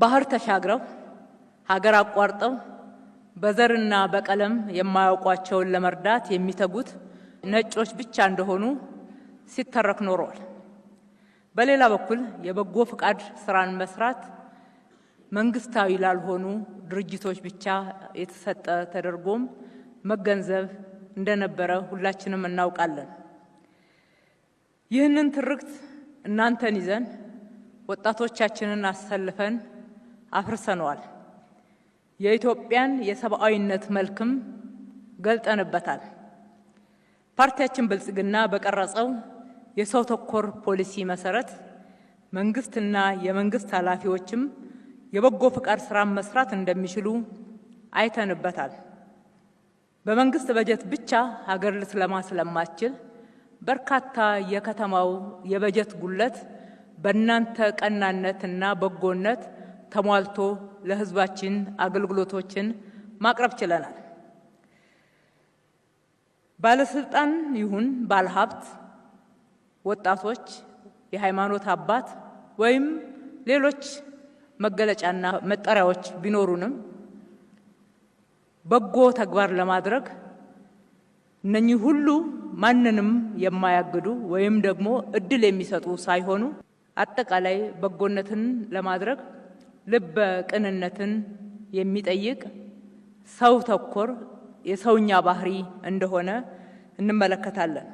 ባህር ተሻግረው ሀገር አቋርጠው በዘርና በቀለም የማያውቋቸውን ለመርዳት የሚተጉት ነጮች ብቻ እንደሆኑ ሲተረክ ኖረዋል። በሌላ በኩል የበጎ ፍቃድ ስራን መስራት መንግስታዊ ላልሆኑ ድርጅቶች ብቻ የተሰጠ ተደርጎም መገንዘብ እንደነበረ ሁላችንም እናውቃለን። ይህንን ትርክት እናንተን ይዘን ወጣቶቻችንን አሰልፈን አፍርሰነዋል። የኢትዮጵያን የሰብአዊነት መልክም ገልጠንበታል። ፓርቲያችን ብልጽግና በቀረጸው የሰው ተኮር ፖሊሲ መሰረት መንግስትና የመንግስት ኃላፊዎችም የበጎ ፍቃድ ስራን መስራት እንደሚችሉ አይተንበታል። በመንግስት በጀት ብቻ ሀገር ልትለማ ስለማትችል በርካታ የከተማው የበጀት ጉለት በእናንተ ቀናነትና በጎነት ተሟልቶ ለህዝባችን አገልግሎቶችን ማቅረብ ችለናል። ባለስልጣን ይሁን ባለሀብት፣ ወጣቶች፣ የሃይማኖት አባት ወይም ሌሎች መገለጫና መጠሪያዎች ቢኖሩንም በጎ ተግባር ለማድረግ እነኚህ ሁሉ ማንንም የማያግዱ ወይም ደግሞ እድል የሚሰጡ ሳይሆኑ አጠቃላይ በጎነትን ለማድረግ ልበ ቅንነትን የሚጠይቅ ሰው ተኮር የሰውኛ ባህሪ እንደሆነ እንመለከታለን።